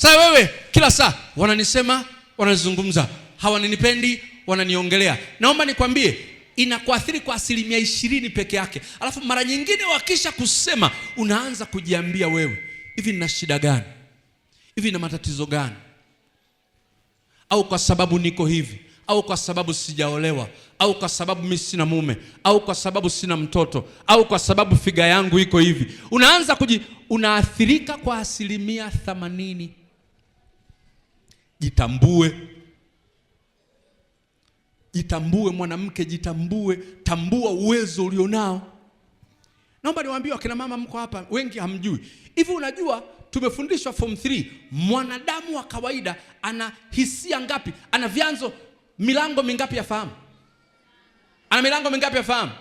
Sasa wewe kila saa wananisema, wananizungumza, hawaninipendi, wananiongelea. Naomba nikwambie inakuathiri kwa asilimia ishirini peke yake, alafu mara nyingine wakisha kusema unaanza kujiambia wewe, hivi nina shida gani? Hivi na matatizo gani? Au kwa sababu niko hivi, au kwa sababu sijaolewa, au kwa sababu mimi sina mume, au kwa sababu sina mtoto, au kwa sababu figa yangu iko hivi. Unaanza kuji, unaathirika kwa asilimia themanini Jitambue, jitambue mwanamke, jitambue, tambua uwezo ulionao. Naomba niwaambie wakina mama mko hapa, wengi hamjui hivi. Unajua tumefundishwa form 3 mwanadamu wa kawaida ana hisia ngapi? Ana vyanzo milango mingapi ya fahamu? Ana milango mingapi ya fahamu?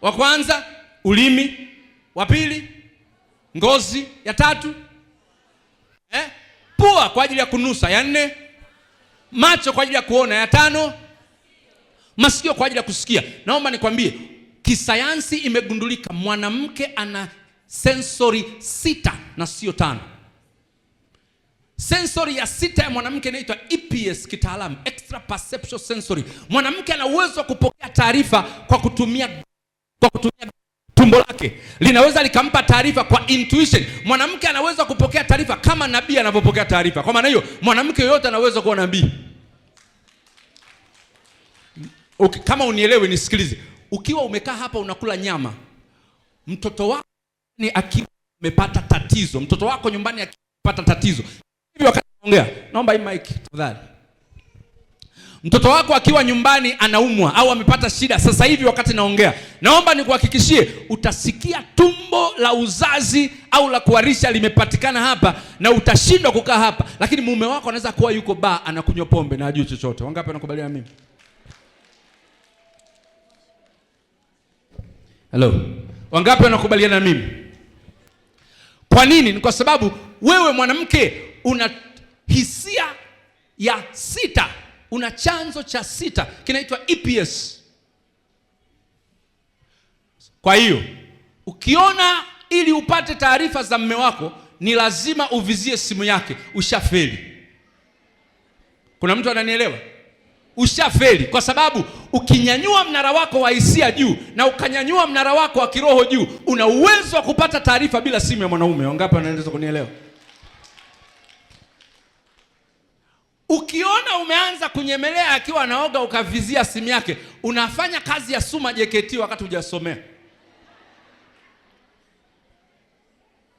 Wa kwanza ulimi, wa pili ngozi, ya tatu eh? pua kwa ajili ya kunusa, ya nne macho kwa ajili ya kuona, ya tano masikio kwa ajili ya kusikia. Naomba nikwambie, kisayansi imegundulika mwanamke ana sensori sita na sio tano. Sensori ya sita ya mwanamke inaitwa EPS kitaalamu, extra perceptual sensory. Mwanamke ana uwezo wa kupokea taarifa kwa kutumia kwa kutumia tumbo lake linaweza likampa taarifa kwa intuition. Mwanamke anaweza kupokea taarifa kama nabii anavyopokea taarifa. Kwa maana hiyo, mwanamke yoyote anaweza kuwa nabii. Okay, kama unielewe nisikilize. Ukiwa umekaa hapa unakula nyama, mtoto wako ni akiwa amepata tatizo, mtoto wako nyumbani akipata tatizo hivi, wakati naongea, naomba hii mic tafadhali. Mtoto wako akiwa nyumbani anaumwa au amepata shida sasa hivi wakati naongea, naomba nikuhakikishie, utasikia tumbo la uzazi au la kuharisha limepatikana hapa na utashindwa kukaa hapa, lakini mume wako anaweza kuwa yuko ba anakunywa pombe na ajui chochote. Wangapi wanakubaliana mimi? Hello, wangapi wanakubaliana na mimi? Kwa nini? Ni kwa sababu wewe mwanamke una hisia ya sita una chanzo cha sita kinaitwa EPS. Kwa hiyo ukiona ili upate taarifa za mme wako ni lazima uvizie simu yake, ushafeli. Kuna mtu ananielewa? Ushafeli kwa sababu ukinyanyua mnara wako wa hisia juu na ukanyanyua mnara wako wa kiroho juu, una uwezo wa kupata taarifa bila simu ya mwanaume. Wangapi wanaweza kunielewa? Ukiona umeanza kunyemelea akiwa anaoga ukavizia simu yake, unafanya kazi ya Suma JKT wakati hujasomea.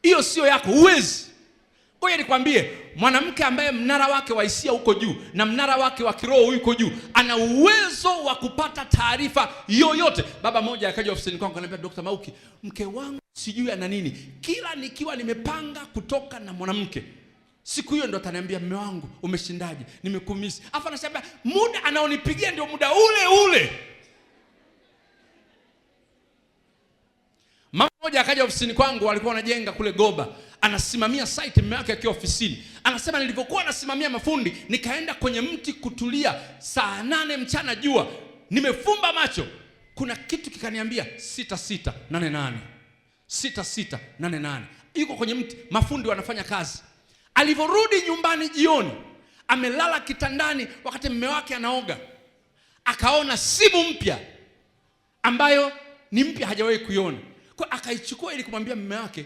Hiyo sio yako, huwezi. Ngoja nikwambie, mwanamke ambaye mnara wake wa hisia uko juu na mnara wake wa kiroho uko juu, ana uwezo wa kupata taarifa yoyote. Baba moja akaja ofisini kwangu akaniambia, Dr. Mauki, mke wangu sijui ana nini, kila nikiwa nimepanga kutoka na mwanamke Siku hiyo ndo ataniambia mume wangu, umeshindaje? Nimekumisi. Afu anashambia muda anaonipigia ndio muda ule ule. Mama moja akaja ofisini kwangu, alikuwa anajenga kule Goba, anasimamia site, mume wake akiwa ofisini. Anasema nilivyokuwa nasimamia mafundi, nikaenda kwenye mti kutulia saa nane mchana, jua nimefumba macho, kuna kitu kikaniambia sita sita nane nane sita sita nane nane. Yuko kwenye mti, mafundi wanafanya kazi Alivyorudi nyumbani jioni, amelala kitandani wakati mume wake anaoga, akaona simu mpya ambayo ni mpya, hajawahi kuiona. Kwa akaichukua ili kumwambia mume wake,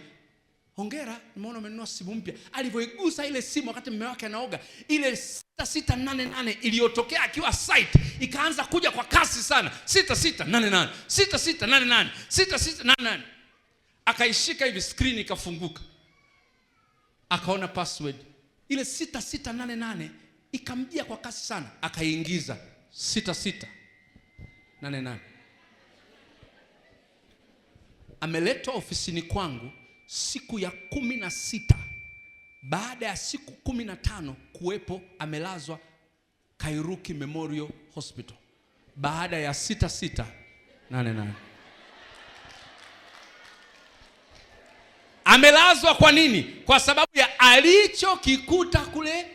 hongera, nimeona umenunua simu mpya. Alivyoigusa ile simu wakati mume wake anaoga, ile sita sita nane nane iliyotokea akiwa site ikaanza kuja kwa kasi sana, sita sita nane nane sita sita nane nane sita sita nane nane. Akaishika hivi, skrini ikafunguka akaona password ile 6688 ikamjia kwa kasi sana, akaingiza 6688. Ameletwa ofisini kwangu siku ya kumi na sita baada ya siku kumi na tano kuwepo amelazwa Kairuki Memorial Hospital baada ya sita sita nane nane. Amelazwa kwa nini? Kwa sababu ya alichokikuta kule.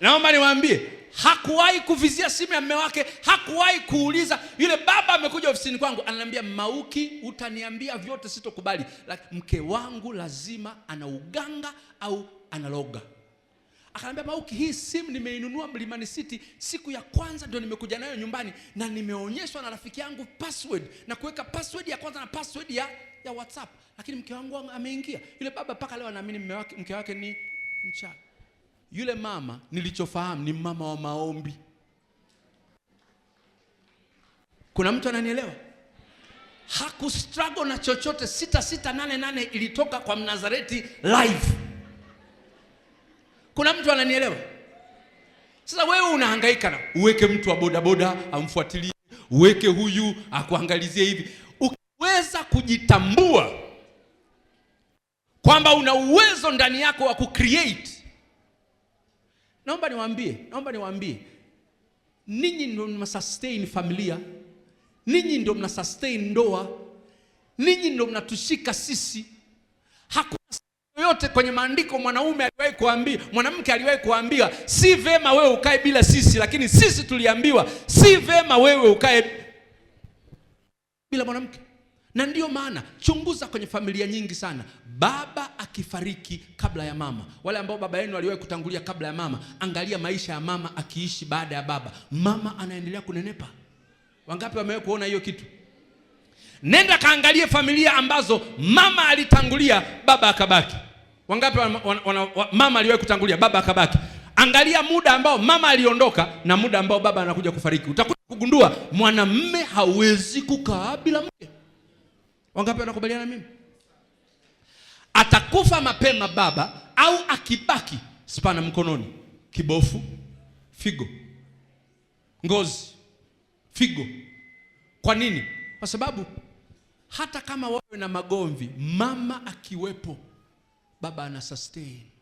Naomba niwaambie, hakuwahi kuvizia simu ya mume wake, hakuwahi kuuliza. Yule baba amekuja ofisini kwangu, ananiambia Mauki, utaniambia vyote, sitokubali, lakini mke wangu lazima ana uganga au analoga. Akaniambia Mauki, hii simu nimeinunua Mlimani City, siku ya kwanza ndio nimekuja nayo nyumbani, na nimeonyeshwa na rafiki yangu password na kuweka password ya kwanza na password ya ya WhatsApp, lakini mke wangu ameingia. Yule baba mpaka leo anaamini mke wake ni mchana Yule mama nilichofahamu ni mama wa maombi. Kuna mtu ananielewa? Hakustruggle na chochote. 6688 ilitoka kwa Mnazareti live. Kuna mtu ananielewa? Sasa wewe unahangaika na uweke mtu wa bodaboda amfuatilie, uweke huyu akuangalizie hivi kujitambua kwamba una uwezo ndani yako wa kucreate. Naomba niwaambie, naomba niwaambie, ninyi ndio mna sustain familia, ninyi ndio mna sustain ndoa, ninyi ndio mnatushika sisi. Hakuna yoyote kwenye maandiko mwanaume aliwahi kuambia mwanamke aliwahi kuambia si vema wewe ukae bila sisi, lakini sisi tuliambiwa si vema wewe ukae bila mwanamke. Na ndiyo maana chunguza kwenye familia nyingi sana, baba akifariki kabla ya mama. Wale ambao baba yenu aliwahi kutangulia kabla ya mama, angalia maisha ya mama akiishi baada ya baba, mama anaendelea kunenepa. Wangapi wamewahi kuona hiyo kitu? Nenda kaangalie familia ambazo mama alitangulia, baba akabaki. Wangapi wana, wana, mama aliwahi kutangulia, baba akabaki? Angalia muda ambao mama aliondoka na muda ambao baba anakuja kufariki, utakuja kugundua mwanamme hawezi kukaa bila Wangapi wanakubaliana mimi? Atakufa mapema baba au akibaki spana mkononi, kibofu, figo, ngozi, figo. Kwa nini? Kwa sababu hata kama wawe na magomvi, mama akiwepo, baba ana sustain